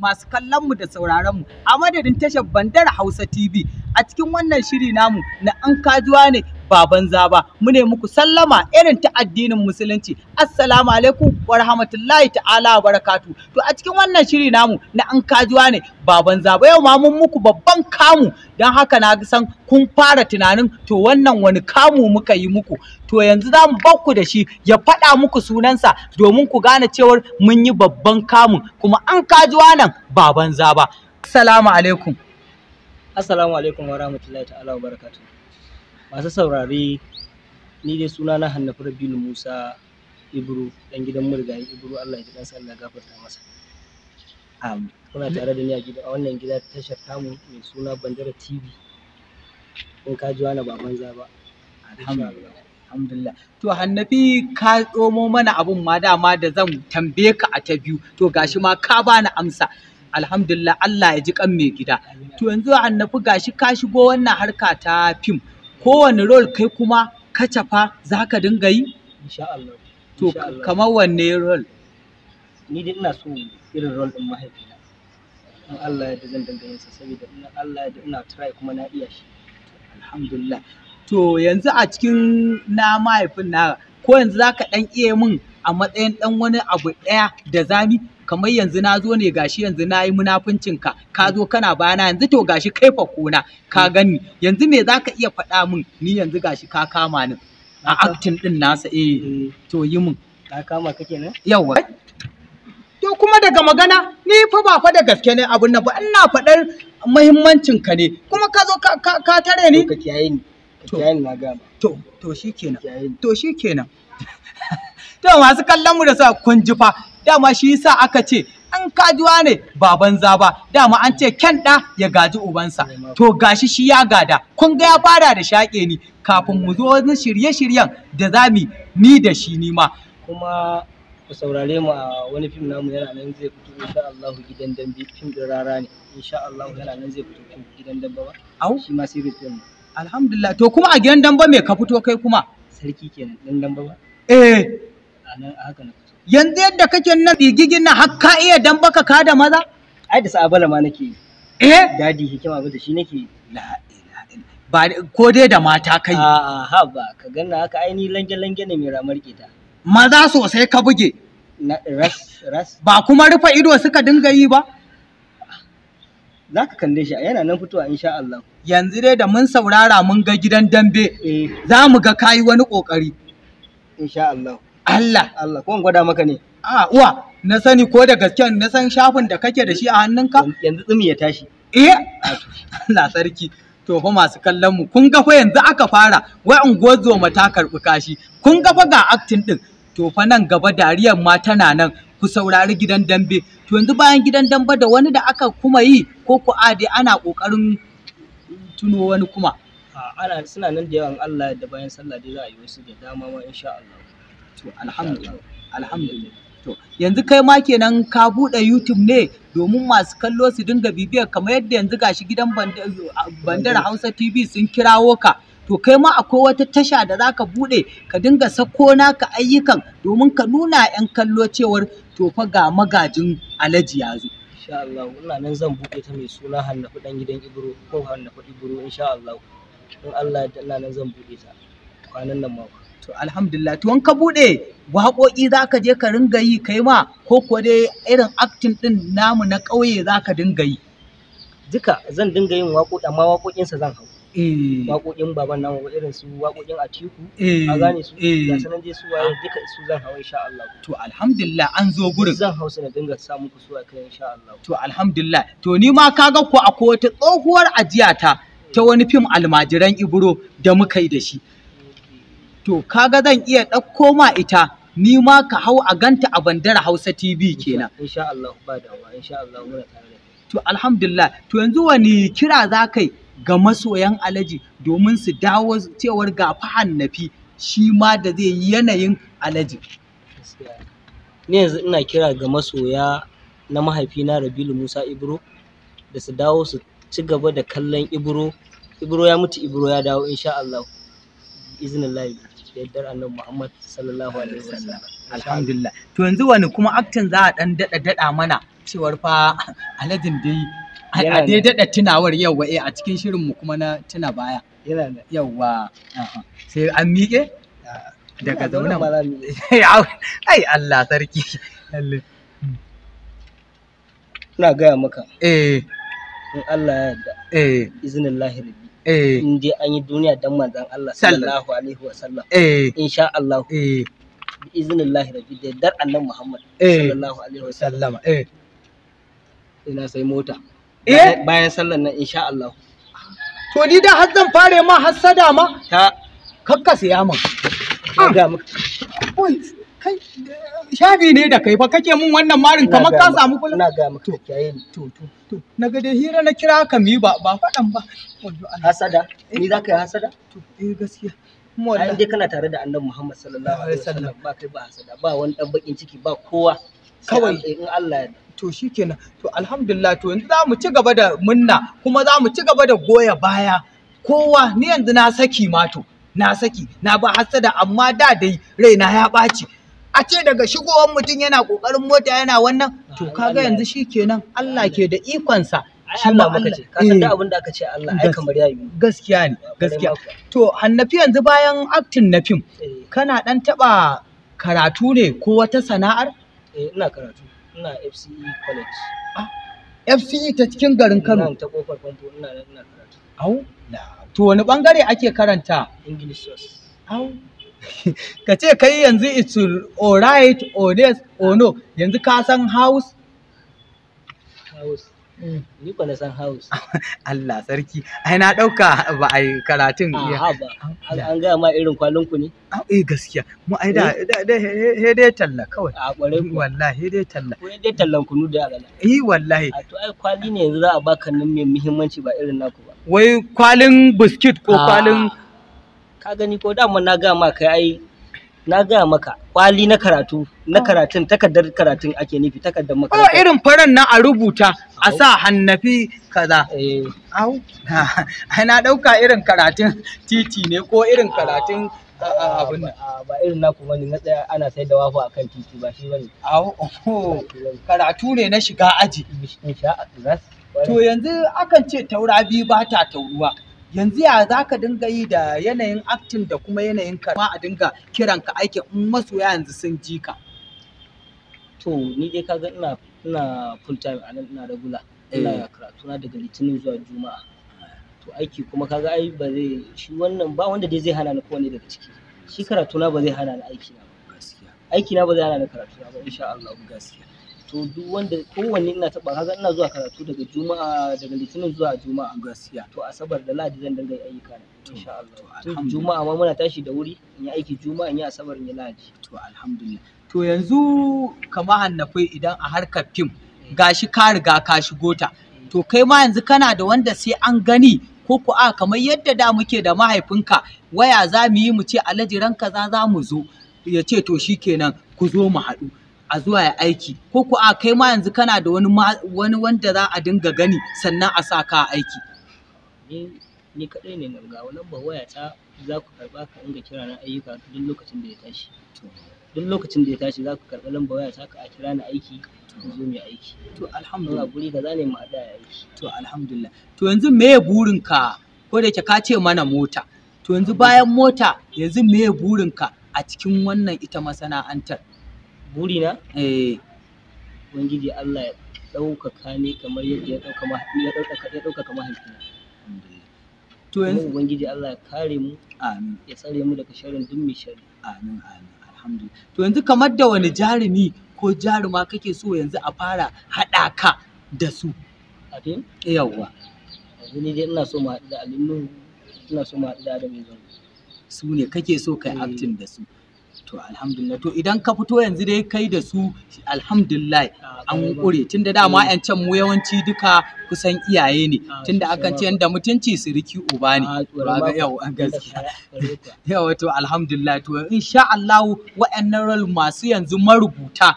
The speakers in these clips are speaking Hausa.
masu kallon mu da sauraron mu a madadin tashar bandar Hausa TV a cikin wannan shiri namu na an kajuwa ne ba banza ba mu ne muku sallama irin ta addinin musulunci assalamu alaikum wa rahmatullahi ta'ala wa barakatu to a cikin wannan shiri namu na an kajuwa ne ba banza ba yau ma mun muku babban kamu dan haka na san kun fara tunanin to wannan wani kamu muka yi muku to yanzu za mu bakku da shi ya faɗa muku sunansa domin ku gane cewar mun yi babban kamu kuma an kajuwa nan ba banza ba assalamu alaikum Assalamu alaikum wa rahmatullahi ta'ala wa barakatuh. masu saurare ni dai suna na Hannafi Rabilu Musa Ibro dan gidan murgayi Ibro Allah ya ji kansa Allah gafarta masa kuna tare da ni a gida a wannan gida tashar tamu mai suna Bandara TV in ka ji wani ba banza ba alhamdulillah alhamdulillah to hannafi ka tsomo mana abun ma dama da zan tambaye ka a ta biyu to gashi ma ka bani amsa alhamdulillah Allah ya ji kan mai gida to yanzu hannafi gashi ka shigo wannan harka ta fim kowane role kai kuma kacafa za ka dinga yi? To, kamar wanne role? Ni dai ina so irin role ɗin mahaifina. In Allah ya zan dinga sa saboda in Allah ya ina try kuma na iya shi. Alhamdulillah. To, yanzu a cikin na mahaifin na ko yanzu za ka ɗan iya min a matsayin ɗan wani abu ɗaya da zami kamar yanzu na zo ne gashi yanzu na yi munafuncin ka ka zo kana bayana yanzu to gashi kai fa kona ka gani yanzu me zaka iya faɗa min ni yanzu gashi ka kama ni a acting din nasa eh. eh to yi min ka kama kake ne yawa to kuma daga magana ni fa ba fa da gaske ne abun nan ba ina faɗar muhimmancin ka ne kuma ka zo ka tare ni ka kiyaye ni kiyaye ni na gama to to shikenan to shikenan to masu kallon mu da sa kun ji fa dama shi yasa aka ce an kajuwa ne ba banza ba dama an ce ken da ya gaji ubansa to gashi shi ya gada kun ga ya fara da shaƙe ni kafin mu zo wani shirye-shiryen da za mu ni da shi ni ma kuma ku saurare mu a wani fim namu yana nan zai fito insha Allah gidan dambe fim din rara ne insha Allah yana nan zai fito fim gidan dambe ba au shi ma series din alhamdulillah to kuma a gidan dambe me ka fito kai kuma sarki kenan dan dambe ba eh a nan haka ne yanzu yadda kake nan digigin na hakka iya dan baka ka da maza ai da sabala ma nake eh dadi hikima ba da shi nake la ba ko dai da mata kai a ha ba ka ganna haka ai ni lange lange ne mai ramar kita maza sosai ka buge na ras ras ba kuma rufe ido suka dinga yi ba za ka kalle shi yana nan fitowa insha Allah yanzu dai da mun saurara mun ga gidan dambe eh. za mu ga kayi wani kokari insha Allah Allah Allah ko gwada maka ne a uwa na sani ko da gaske na san shafin da kake da shi a hannunka yanzu tsumi ya tashi eh Allah sarki to fa masu kallon mu kun ga fa yanzu aka fara wai unguwar zoma ta karbi kashi kun ga fa ga acting din to fa nan gaba dariyar ma tana nan ku saurari gidan dambe to yanzu bayan gidan dambe da wani da aka kuma yi ko ku ade ana kokarin tuno wani kuma ana suna nan da yawan Allah da bayan sallah dai za a yi wasu da dama ma insha Allah to alhamdulillah alhamdulillah to yanzu kai ma kenan ka buɗe youtube ne domin masu kallo su dinga bibiyar kamar yadda yanzu gashi gidan bandar hausa tv sun kirawo ka to kai ma akwai wata tasha da za ka buɗe ka dinga sako naka ayyukan domin ka nuna 'yan kallo cewar to fa ga magajin alaji ya zo insha Allah ina nan zan buɗe ta mai suna hannafu dan gidan ibro ko hannafu ibro insha Allah in Allah ya nan zan buɗe ta kwanan nan mako to alhamdulillah to wanka bude waƙoƙi za ka je ka ringa yi kai ma ko kuwa dai irin acting din namu na ƙauye za ka dinga yi duka zan dinga yin waƙoƙi amma waƙoƙinsa zan hau eh. waƙoƙin baban namu irin su waƙoƙin atiku a eh. gane su eh. ga sanan je su waye duka su zan hawa insha Allah to alhamdulillah an zo gurin zan su na dinga sa muku su a kai insha Allah to alhamdulillah to ni ma kaga ko akwai wata tsohuwar ajiyata ta wani fim almajiran ibro da muka yi da shi to kaga zan iya ɗauko ma ita ni ma ka hau a ganta a bandara Hausa TV kenan insha Allah ba insha Allah muna tare to alhamdulillah to yanzu wani kira za kai ga masoyan alaji domin su dawo cewar ga Nafi shi ma da zai yi yanayin alaji ni yanzu ina kira ga masoya na mahaifina Rabilu Musa Ibro da su dawo su ci gaba da kallon Ibro Ibro ya mutu Ibro ya dawo insha Allah izinin da yaddar annabi Muhammad sallallahu alaihi wasallam alhamdulillah to yanzu wani kuma aktin za a dan dada dada mana cewar fa aladin dai a dai dada tunawar yawa eh a cikin shirin mu kuma na tuna baya yawa sai an miƙe daga zaune ai Allah sarki ina gaya maka eh in Allah ya yarda eh izinin lahiri Eh. in dai an yi duniya dan manzan Allah sallallahu alaihi wa sallam insha Allah bi iznillah rabbi da dar annabi Muhammad sallallahu alaihi wa sallam eh. eh. ina sai mota bayan sallan nan insha Allah to ni da har zan fare ma hassada ma ka kakkasa yaman ga ah. maka kai shafi ne da kai fa kake mun wannan marin kamar ka samu kula na ga mutum kiyaye to to to na ga dai hira na kira ka mi ba ba fadan ba hasada eh. ni za ka yi hasada to eh gaskiya ai dai kana tare da annabi Muhammad sallallahu alaihi wasallam ba kai ba hasada ba wani dan bakin ciki ba kowa kawai in Allah ya to shikenan to alhamdulillah to yanzu za mu ci gaba da munna kuma za mu ci gaba da goya baya kowa ni yanzu na saki ma to na saki na ba hasada amma da dai raina ya ɓaci a ce daga shigowar mutum yana ƙoƙarin mota yana wannan to kaga yanzu shi kenan Allah ke da ikonsa shi ma muka ce ka san da eh. abin da aka ce Allah ai kamar yayi gaskiya ne gaskiya to hannafi yanzu bayan acting na film eh. kana dan taba karatu ne ko wata sana'ar eh ina karatu ina FCE college ah, FCE ta cikin garin Kano ta kofar famfo ina ina karatu au to wani bangare ake karanta English au ka ce kai yanzu it's alright or yes or oh no yanzu ka san house house mm. ni kwa na san house Allah sarki ai na dauka ba ai karatun ya an ga ma irin kwalin ku ne eh gaskiya mu ai da he dai talla kawai a ku. wallahi he dai talla ko dai tallan kunu da Allah eh wallahi to ai kwali ne yanzu za a baka nan mai muhimmanci ba irin naku ba wai kwalin biskit ko kwalin ka gani ko dama na gaya ma kai ai na gaya maka kwali na karatu na oh. karatun takardar karatun ake nufi takardar oh, makaranta ko irin faran nan a rubuta a sa hannafi kaza eh au na dauka irin karatun titi ne ko irin karatun abin nan ba irin naku ne na tsaya ana sai da wafu akan titi ba shi bane au karatu ne na shiga aji insha Allah to yanzu akan ce taura ba ta tauruwa yanzu ya za ka dinga yi da yanayin aktin da kuma yanayin karma a dinga kiran ka aiki in masoya yanzu sun ji ka to ni dai kaga ina ina full time anan ina regular ina eh. karatu na daga litinin zuwa juma'a to aiki kuma kaga ai ba zai shi wannan ba wanda dai zai hana ni kowane daga ciki shi karatu na ba zai hana ni aiki na ba aiki na ba zai hana ni karatu na ba insha Allah gaskiya to duk wanda kowanne ina taɓa kaga ina zuwa karatu daga juma'a daga litinin zuwa juma'a gaskiya to asabar da ladi zan dinga ayyuka insha Allah tun juma'a ma muna tashi da wuri in yi aiki juma'a in yi asabar in yi ladi to alhamdulillah to yanzu kamar hannafai idan a harkar fim eh. gashi ka riga ka shigo ta to kai ma yanzu kana da wanda sai an gani ko ku a kamar yadda da muke da mahaifinka waya za mu yi mu ce alhaji ranka za za mu zo ya ce to shikenan ku zo mu haɗu a zuwa ya aiki ko ku a kai ma yanzu kana da wani wani wanda za a dinga gani sannan a sa ka aiki ni ni kadai ne ga wannan ba waya ta za ku karba ka dinga kira na ayyuka duk lokacin da ya tashi duk lokacin da ya tashi za ku karɓi lamba waya ta a kira ni aiki in zo mai aiki to alhamdulillah guri kaza ne mu haɗa ya aiki to alhamdulillah to yanzu meye burin ka ko da yake ka ce mana mota to yanzu bayan mota yanzu meye burin ka a cikin wannan ita masana'antar burina eh ubangiji Allah ya ɗaukaka ne kamar yadda ya ɗaukaka ya ya ɗaukaka mahaifina to yanzu ubangiji Allah ya kare mu amin ya tsare mu daga sharrin duk mai sharri amin amin alhamdulillah to yanzu kamar da wani jarumi ko jaruma kake so yanzu a fara haɗa ka da su abin yawwa yanzu ni dai ina so mu haɗu da alinu ina so mu haɗu da Adamu. su ne kake so kai eh. acting da su to alhamdulillah to idan ka fito yanzu dai kai da su alhamdulillah an ah, ƙure tun da dama 'yan eh. can mu yawanci duka kusan iyaye ne ah, tunda akan ce yadda mutunci su riki uba ne ah, ga yau gaskiya yau wato alhamdulillah to insha Allah wa'annan rol masu yanzu marubuta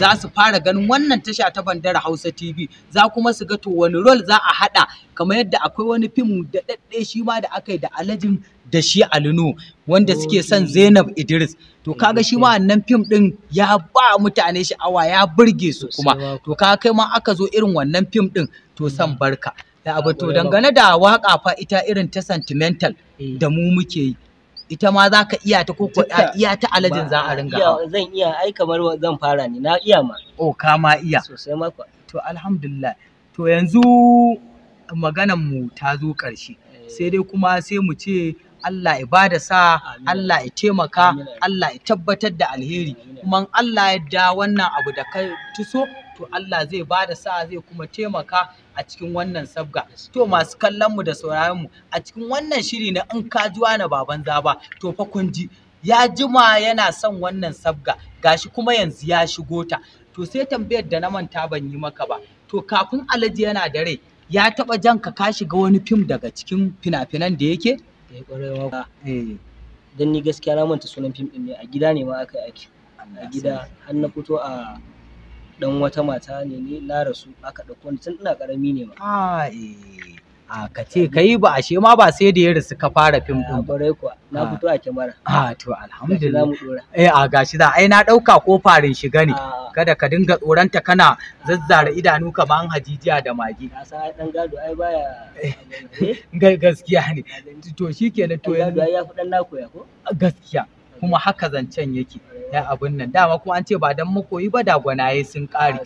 za su fara ganin wannan tasha ta bandara Hausa TV za kuma su ga to wani rol za a hada kamar yadda akwai wani fim da dadde shi ma da aka yi da alajin da shi Alinu wanda suke son Zainab Idris to kaga shi ma wannan fim din ya ba mutane sha'awa ya burge su kuma to kaga kai ma aka zo irin wannan fim din to san barka da abu to dangane da waka fa ita irin ta sentimental eh. da mu muke yi ita ma za ka iya ta koko iya ta alajin za a ringa zan iya ai kamar zan fara ne na iya ma o ka ma iya sosai ma to alhamdulillah to yanzu maganan mu ta zo ƙarshe eh. sai dai kuma sai mu ce Allah ya bada sa Allah ya taimaka Allah ya tabbatar da alheri kuma Allah ya da wannan abu da ka tuso to Allah zai ba da sa zai kuma taimaka a cikin wannan sabga to masu kallon mu da sauraron mu a cikin wannan shiri na in ka ji wani baban zaba to fa kun ji ya jima yana son wannan sabga gashi kuma yanzu ya shigo ta to sai tambayar da na manta ban yi maka ba to kafin alhaji yana da rai ya taba janka ka shiga wani fim daga cikin fina-finan da yake eh, eh. don ni gaskiya na manta sunan fim din ne a gida ne ma aka yi aiki a gida har na fito a dan wata mata ne ne na rasu aka ɗauko ni tun ina ƙarami ne ma. A eh a ka ce kai ba ashe ma ba sai da ya rasu ka fara fim din. bare kuwa na ah. fito a kamera A ah, to alhamdulillah. Gashi dora Eh a gashi za ai na ɗauka ko farin shiga ne. Ah, Kada ka dinga tsoranta kana zazzara idanu kaman hajijiya da magi. na sa ai dan gado ai baya. Eh, eh? Gaskiya ne. To shikenan to yanzu. ya fi dan naku ya ko? Gaskiya. kuma haka zancen yake ya abun nan dama kuma an ce ba dan makoyi ba da gwanaye sun ƙare